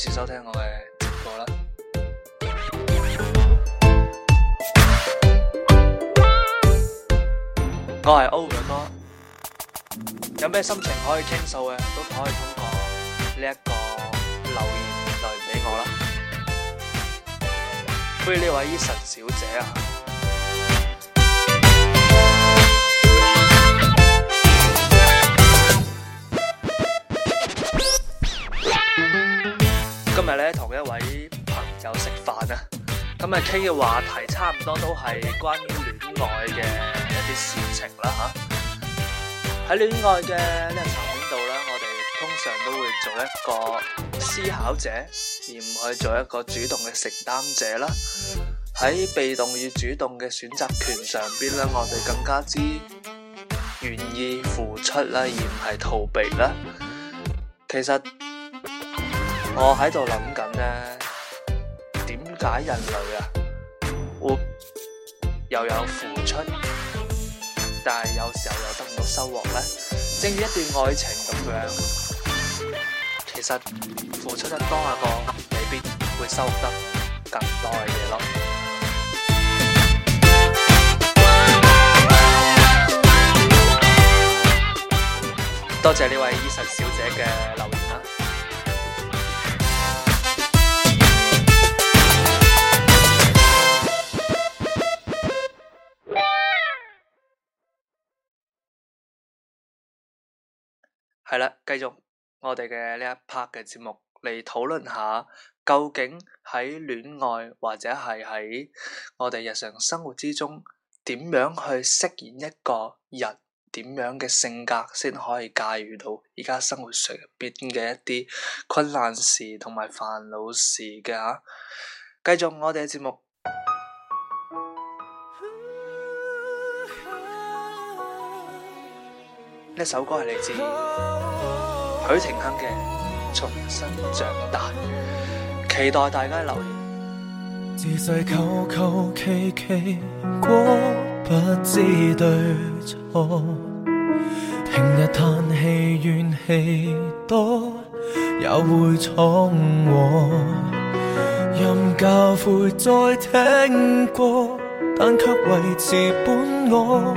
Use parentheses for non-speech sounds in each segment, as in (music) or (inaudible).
收聽我嘅歌啦，我係 Over 哥，有咩心情可以傾訴嘅，都可以通過呢一個留言嚟俾我啦。歡迎呢位伊晨小姐啊！今日傾嘅話題差唔多都係關於戀愛嘅一啲事情啦，吓，喺戀愛嘅呢個層面度咧，我哋通常都會做一個思考者，而唔去做一個主動嘅承擔者啦。喺被動與主動嘅選擇權上邊咧，我哋更加之願意付出啦，而唔係逃避啦。其實我喺度諗緊咧。解人類啊會，又有付出，但係有時候又得唔到收穫咧，正如一段愛情咁樣，其實付出得多啊個，未必會收得更多嘅嘢咯。多謝呢位醫生小姐嘅留言。係啦，繼續我哋嘅呢一 part 嘅節目嚟，討論下，究竟喺戀愛或者係喺我哋日常生活之中，點樣去飾演一個人，點樣嘅性格先可以駕馭到而家生活上邊嘅一啲困難事同埋煩惱事嘅吓？繼續我哋嘅節目。一首歌係來自許廷鏗嘅《重新長大》，期待大家留言。自細求求其其過不知對錯，聽日嘆氣怨氣多，也會闖禍。任教誨再聽過，但卻維持本我。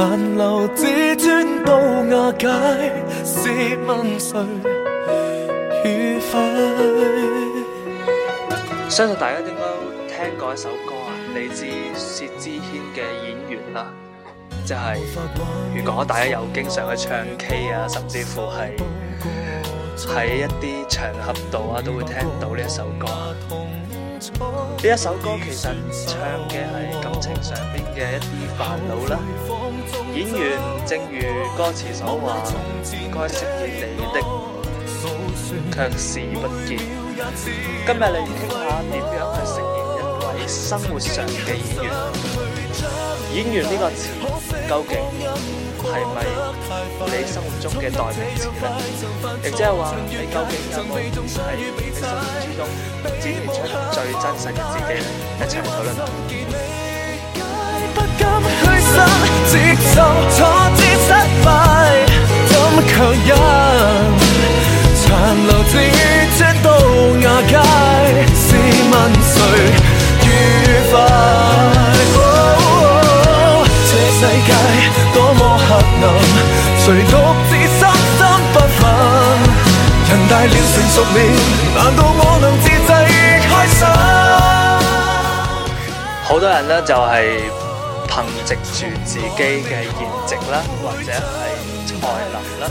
相信大家應該都聽過一首歌啊，嚟自薛之謙嘅《演員》啦。就係如果大家有經常去唱 K 啊，甚至乎係喺一啲場合度啊，都會聽到呢一首歌。呢一首歌其實唱嘅係感情上面嘅一啲煩惱啦。演員正如歌詞所話，該飾演你的，卻視而不見。今日嚟傾下點樣去飾演一位生活上嘅演員？演員呢個詞究竟係咪你生活中嘅代名詞？亦即係話你究竟有冇係你生活中展現出最真實嘅自己？一齊討論。接受挫折、失敗，怎強忍殘留自尊都瓦解。試問誰愉快？這世界多麼黑暗，誰獨自心生不忿？人大了成熟了，難道我能自制開心 (noise) ？好多人呢，就係、是。憑藉住自己嘅見識啦，或者係才能啦，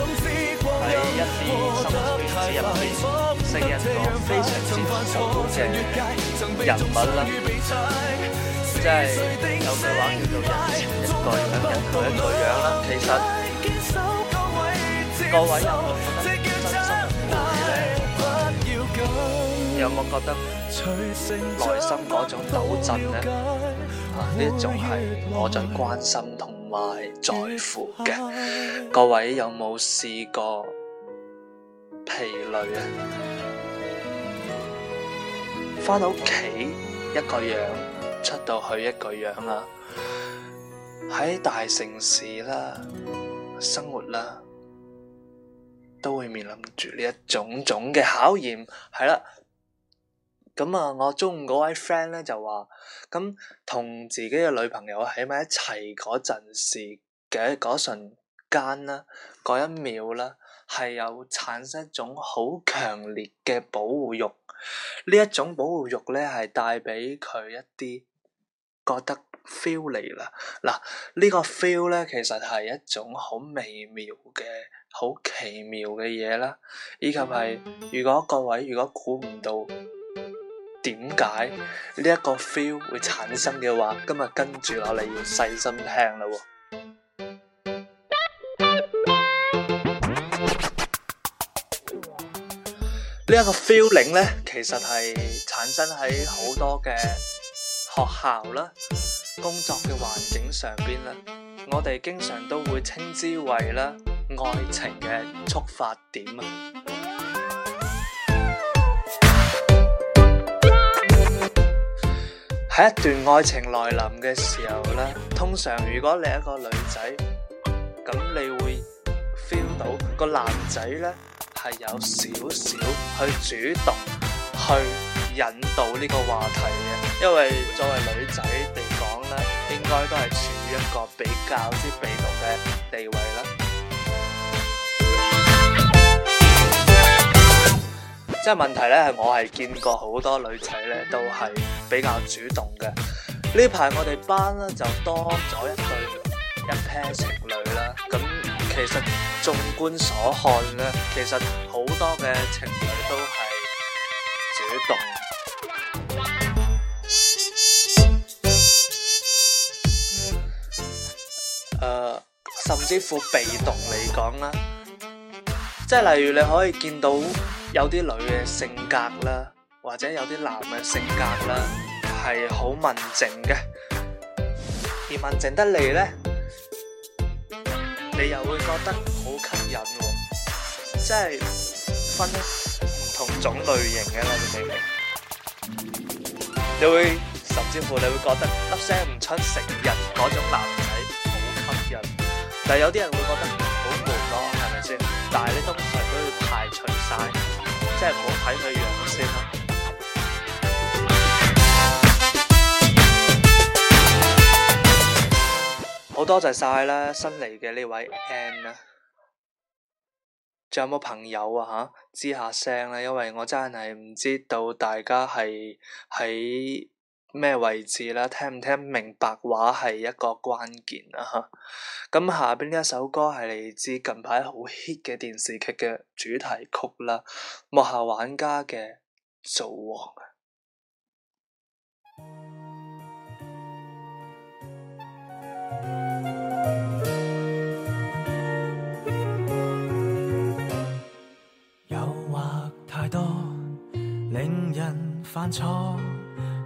喺一啲新推子入邊識一個非常之好嘅人物啦，即係有句話叫做人前一個樣，人後一個樣啦。其實各位有冇覺得真心嘅？有冇覺得內心嗰種抖震咧？呢種係我最關心同埋在乎嘅，各位有冇試過疲累啊？翻到屋企一個樣，出到去一個樣啦。喺大城市啦，生活啦，都會面臨住呢一種種嘅考驗，係啦。咁啊、嗯，我中嗰位 friend 咧就話，咁、嗯、同自己嘅女朋友喺埋一齊嗰陣時嘅嗰瞬間啦，嗰一秒啦，係有產生一種好強烈嘅保護欲。呢一種保護欲咧，係帶俾佢一啲覺得 feel 嚟啦。嗱，這個、呢個 feel 咧，其實係一種好微妙嘅、好奇妙嘅嘢啦。以及係，如果各位如果估唔到。點解呢一個 feel 會產生嘅話，今日跟住落嚟要細心聽啦。呢一 (noise) 個 feeling 呢，其實係產生喺好多嘅學校啦、工作嘅環境上邊啦，我哋經常都會稱之為啦愛情嘅觸發點啊。喺一段愛情來臨嘅時候呢，通常如果你係一個女仔，咁你會 feel 到個男仔呢係有少少去主動去引導呢個話題嘅，因為作為女仔嚟講呢，應該都係處於一個比較之被動嘅地位啦。即係問題咧，係我係見過好多女仔咧，都係比較主動嘅。呢排我哋班咧就多咗一對一 pair 情侶啦。咁其實縱觀所看咧，其實好多嘅情侶都係主動，誒、呃，甚至乎被動嚟講啦。即係例如你可以見到。有啲女嘅性格啦，或者有啲男嘅性格啦，係好文靜嘅，而文靜得嚟咧，你又會覺得好吸引喎，即係分唔同種類型嘅啦，你明唔明？你會甚至乎你會覺得粒聲唔出成日嗰種男仔好吸引，但係有啲人會覺得好悶咯，係咪先？但係你通常都要排除晒。即係唔好睇佢樣先啦。好多謝晒啦，新嚟嘅呢位 N 啦，仲 (noise) 有冇朋友啊嚇、啊？吱下聲啦，因為我真係唔知道大家係喺咩位置啦？聽唔聽明白話係一個關鍵啦，啊。咁、啊、下邊呢一首歌係嚟自近排好 hit 嘅電視劇嘅主題曲啦，《幕後玩家》做、啊嘅《造王》。誘惑太多，令人犯錯。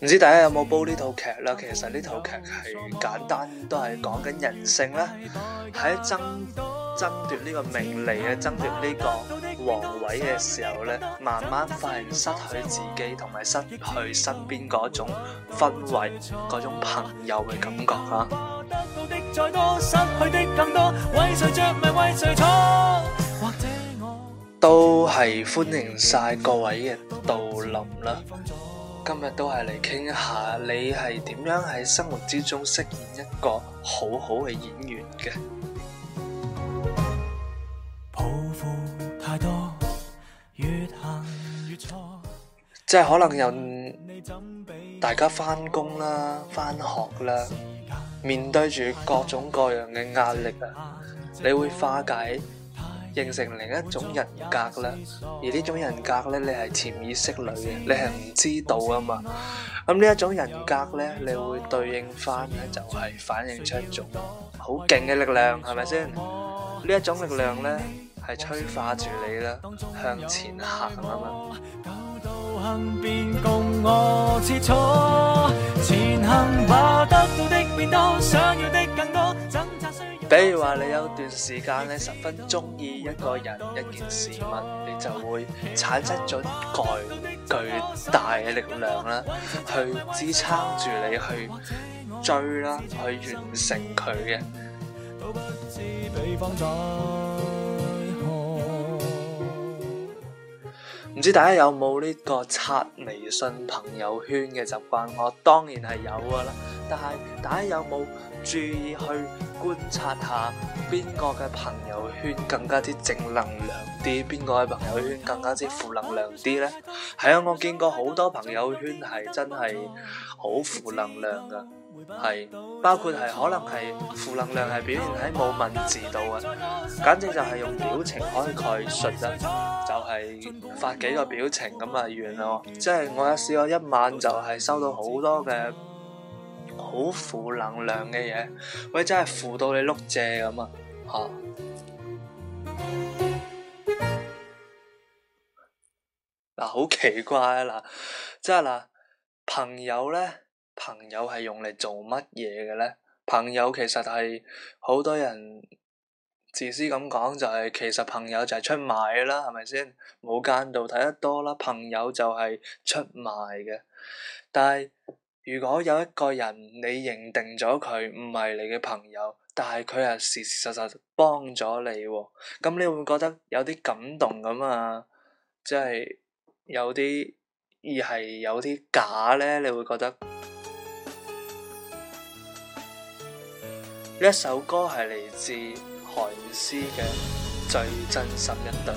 唔知大家有冇煲呢套劇啦？其實呢套劇係簡單，都係講緊人性啦。喺爭爭奪呢個名利嘅爭奪呢個王位嘅時候咧，慢慢發現失去自己，同埋失去身邊嗰種氛圍、嗰種朋友嘅感覺。得到嘅再多，失去嘅更多，為誰着迷，為誰錯，或者我都係歡迎晒各位嘅到臨啦。今日都係嚟傾下，你係點樣喺生活之中飾演一個好好嘅演員嘅？ (music) 即係可能人大家返工啦、返學啦，面對住各種各樣嘅壓力啊，你會化解？形成另一種人格啦，而呢種人格咧，你係潛意識裏嘅，你係唔知道啊嘛。咁呢一種人格咧，你會對應返咧，就係反映出一種好勁嘅力量，係咪先？呢一種力量咧，係催化住你啦，向前行啊嘛。比如話，你有段時間呢十分鍾意一個人一件事物，你就會產生咗巨巨大嘅力量啦，去支撐住你去追啦，去完成佢嘅。 (music) 唔知大家有冇呢個刷微信朋友圈嘅習慣？我當然係有㗎啦。但係大家有冇注意去觀察下邊個嘅朋友圈更加之正能量啲，邊個嘅朋友圈更加之負能量啲呢？係啊，我見過好多朋友圈係真係好負能量㗎。係，包括係可能係負能量係表現喺冇文字度嘅，簡直就係用表情可以概括得，就係發幾個表情咁啊完咯。即係我有試過一晚就係收到好多嘅好負能量嘅嘢，喂真係負到你碌蔗咁啊！吓嗱，好奇怪啊！嗱，即係嗱朋友咧。朋友係用嚟做乜嘢嘅咧？朋友其實係好多人自私咁講，就是，就係其實朋友就係出賣啦，係咪先？冇間道睇得多啦，朋友就係出賣嘅。但係如果有一個人你認定咗佢唔係你嘅朋友，但係佢係事事實實幫咗你喎，啊，咁你會唔會覺得有啲感動咁啊？即、就、係、是、有啲而係有啲假咧，你會覺得？呢首歌係嚟自韓斯嘅《最真心一對》。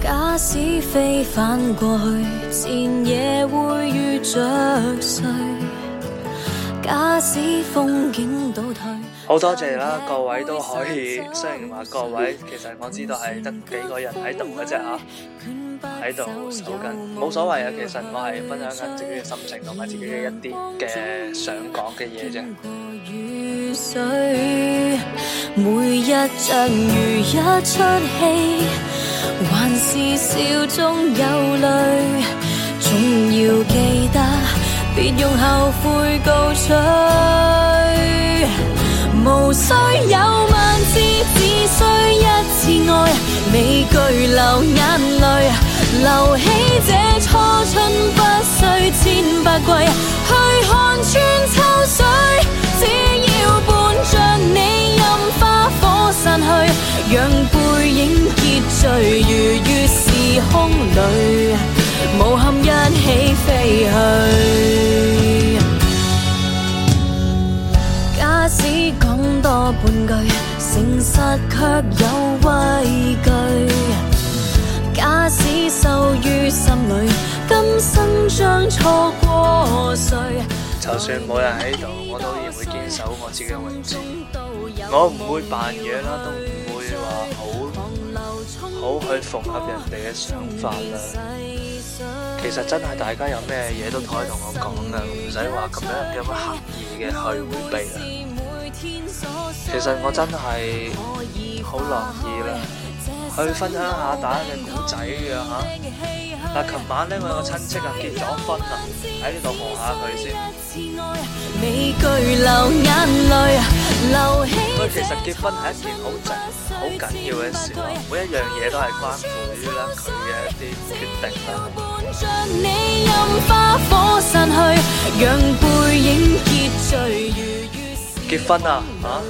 假使飛返過去，今夜會遇着誰？假使風景倒退，好多謝啦，各位都可以。雖然話各位其實我知道係得幾個人喺度嗰隻嚇。喺度搜緊，冇所謂啊！其實我係分享緊自己嘅心情同埋自己嘅一啲嘅想講嘅嘢啫。雨水每一像如一齣戲，還是笑中有淚，總要記得別用後悔告吹，無需有萬次，只需一次愛，未懼流眼淚。留起這初春不不，不需千百季去看穿秋水，只要伴着你任花火散去，讓背影結聚如月。時空裏無憾一起飛去。假使講多半句，誠實卻有畏懼。就算冇人喺度，我都依然會堅守我自己嘅位置。我唔會扮嘢啦，都唔會話好好去符合人哋嘅想法啦。其實真係大家有咩嘢都可以同我講噶，唔使話咁樣有乜刻意嘅去回避啦。其實我真係好樂意啦，去分享下大家嘅故仔嘅吓。啊嗱，琴晚呢我有個親戚啊結咗婚啊，喺呢度望下佢先。佢其實結婚係一件好正、好緊要嘅事咯，每一樣嘢都係關乎於咧佢嘅一啲決定啦。結婚啊，吓，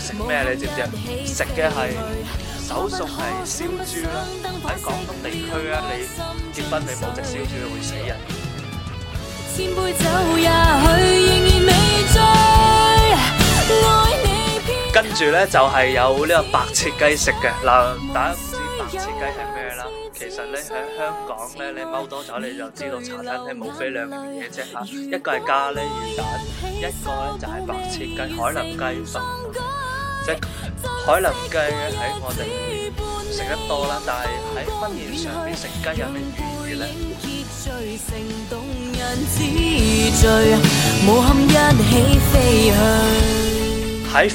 食咩？你知唔知？啊？食嘅係手術係燒豬啦，喺廣東地區。跟住咧就係有呢個白切雞食嘅嗱，大家唔知白切雞係咩啦？其實咧喺香港咧你踎多咗你就知道茶餐廳無非兩樣嘢啫吓，一個係咖喱魚蛋，一個咧就係白切雞、海南雞飯，即係海南雞喺我哋食得多啦，但係喺婚宴上面食雞有咩魚？喺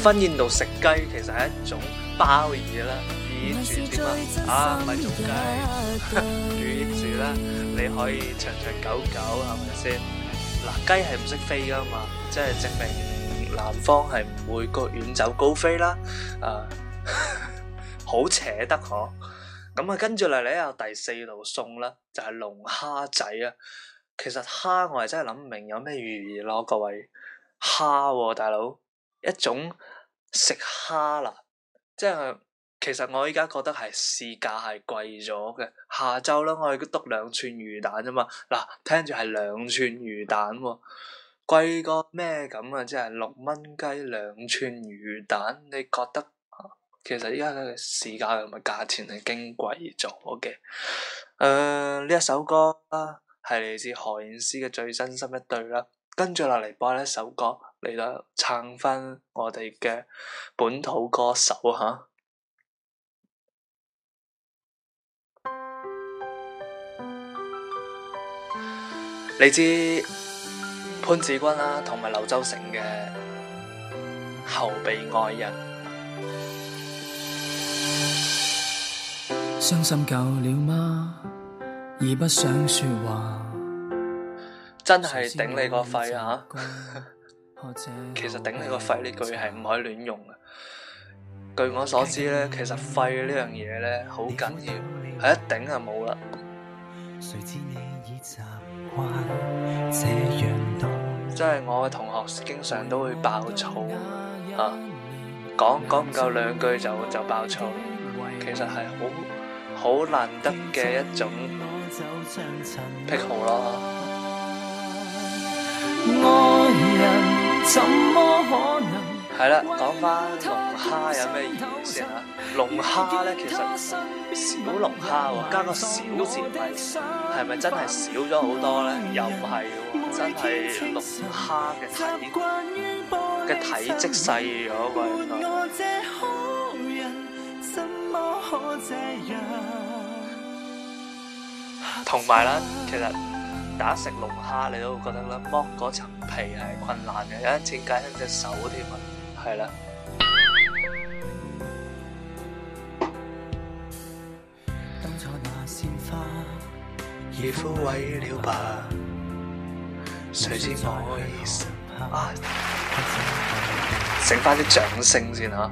婚宴度食雞，其實係一種包二啦，煮住添啊，啊咪做雞，煮住啦，你可以長長久久，係咪先？嗱，雞係唔識飛噶嘛，即係證明男方係唔會個遠走高飛啦，啊，好扯得可。咁啊，跟住嚟咧，有第四道餸啦，就係龍蝦仔啊。其實蝦我係真係諗唔明有咩寓意咯，各位蝦喎、哦，大佬一種食蝦啦，即係其實我而家覺得係市價係貴咗嘅。下晝啦，我去篤兩串魚蛋啫嘛。嗱，聽住係兩串魚蛋喎、哦，貴過咩咁啊？即係六蚊雞兩串魚蛋，你覺得？其實而家嘅市價同埋價錢係矜貴咗嘅，誒呢一首歌係嚟自何韻詩嘅最真心一對啦。跟住落嚟播一首歌嚟到撐翻我哋嘅本土歌手嚇，嚟 (music) 自潘志軍啦，同埋劉洲成嘅後備愛人。真係頂你個肺啊！其實頂你個肺呢句係唔可以亂用嘅。據我所知咧，其實肺呢樣嘢咧好緊要，係一頂就冇啦。即係我嘅同學經常都會爆粗啊，講講唔夠兩句就就爆粗，其實係好。好難得嘅一種癖好咯。係啦、嗯，講返龍蝦有咩意思啊？龍蝦咧，其實小龍蝦加個小字，係係咪真係少咗好多咧？又唔係、哦，真係龍蝦嘅體嘅體積細咗啩？呃呃同埋啦，其實打食龍蝦，你都會覺得啦，剝嗰層皮係困難嘅，有一次解親隻手添啊，係啦。當初那鮮花已枯萎了吧？誰知我已深愛。整翻啲掌聲先吓！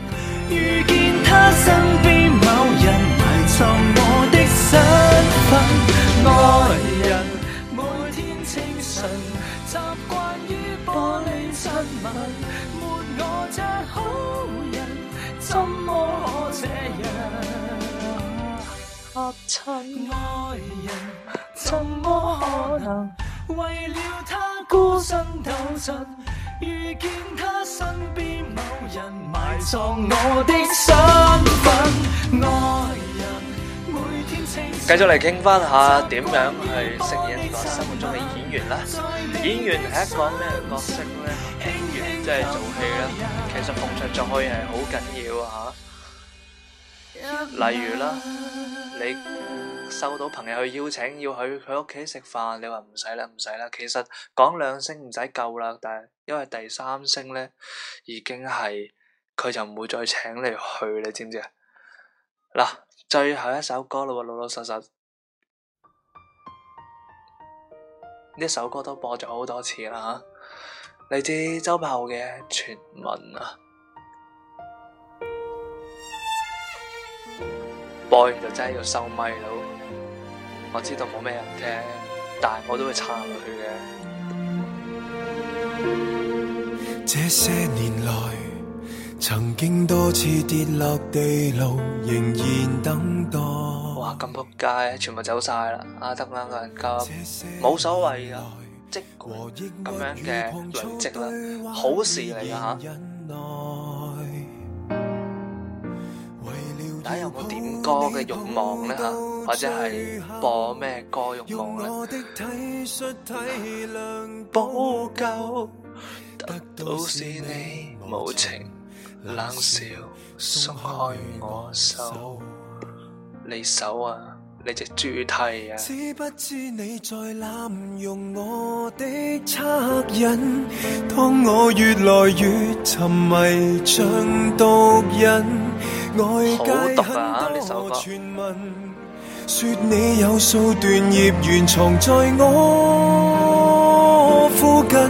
遇見他身邊某人，埋藏我的身份。愛人每天清晨習慣於玻璃親吻，沒我這好人，怎麼可這樣合襯情？愛人怎麼可能為了他孤身鬥陣？遇見他身邊。繼續嚟傾翻下點樣去飾演我心目中嘅演員啦。演員係一個咩角色呢？演員即係做戲啦。其實逢場做戲係好緊要啊。例如啦，你收到朋友去邀請要去佢屋企食飯，你話唔使啦，唔使啦。其實講兩聲唔使夠啦，但係因為第三聲呢已經係。佢就唔會再請你去，你知唔知啊？嗱，最後一首歌啦喎，老老實實，呢首歌都播咗好多次啦，嚟自周柏豪嘅《傳聞》啊，播完就真係要收麥啦。我知道冇咩人聽，但係我都會撐佢嘅。這些年來。曾經多次跌落地牢，仍然等待。哇！咁撲街，全部走晒啦！啊，得返個人交，冇所謂噶，即過咁樣嘅累積啦，好事嚟噶吓。大家有冇點歌嘅慾望呢吓，或者係播咩歌慾望呢？吓。冷笑，鬆開我手，你手啊，你隻豬蹄啊！知不知你在濫用我的惻隱，當我越來越沉迷像毒癮。好毒啊呢首歌。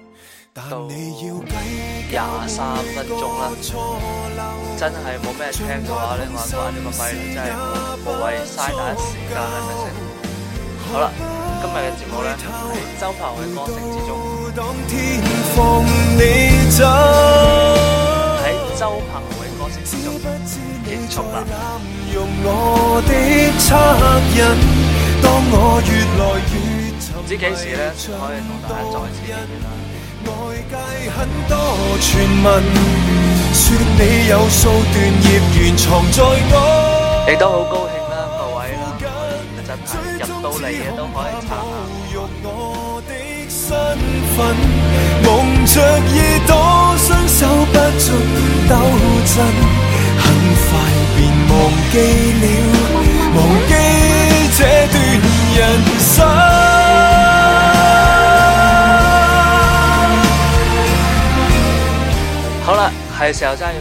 到廿三分鐘啦，真係冇咩聽嘅話咧，我關咗個麥真係冇謂，嘥大家時間，係咪先？好啦，今日嘅節目咧，喺周柏豪嘅歌聲之中喺周柏豪嘅歌聲之中結束啦。唔知幾時咧可以同大家再次見面啦？外界很多傳聞說你有數段孽緣藏在我，你都好高興啦，啊，各位最終我都可以蒙著耳朵，雙手不准抖震，很快便忘記了，忘記這段人生。好啦，還是要加油。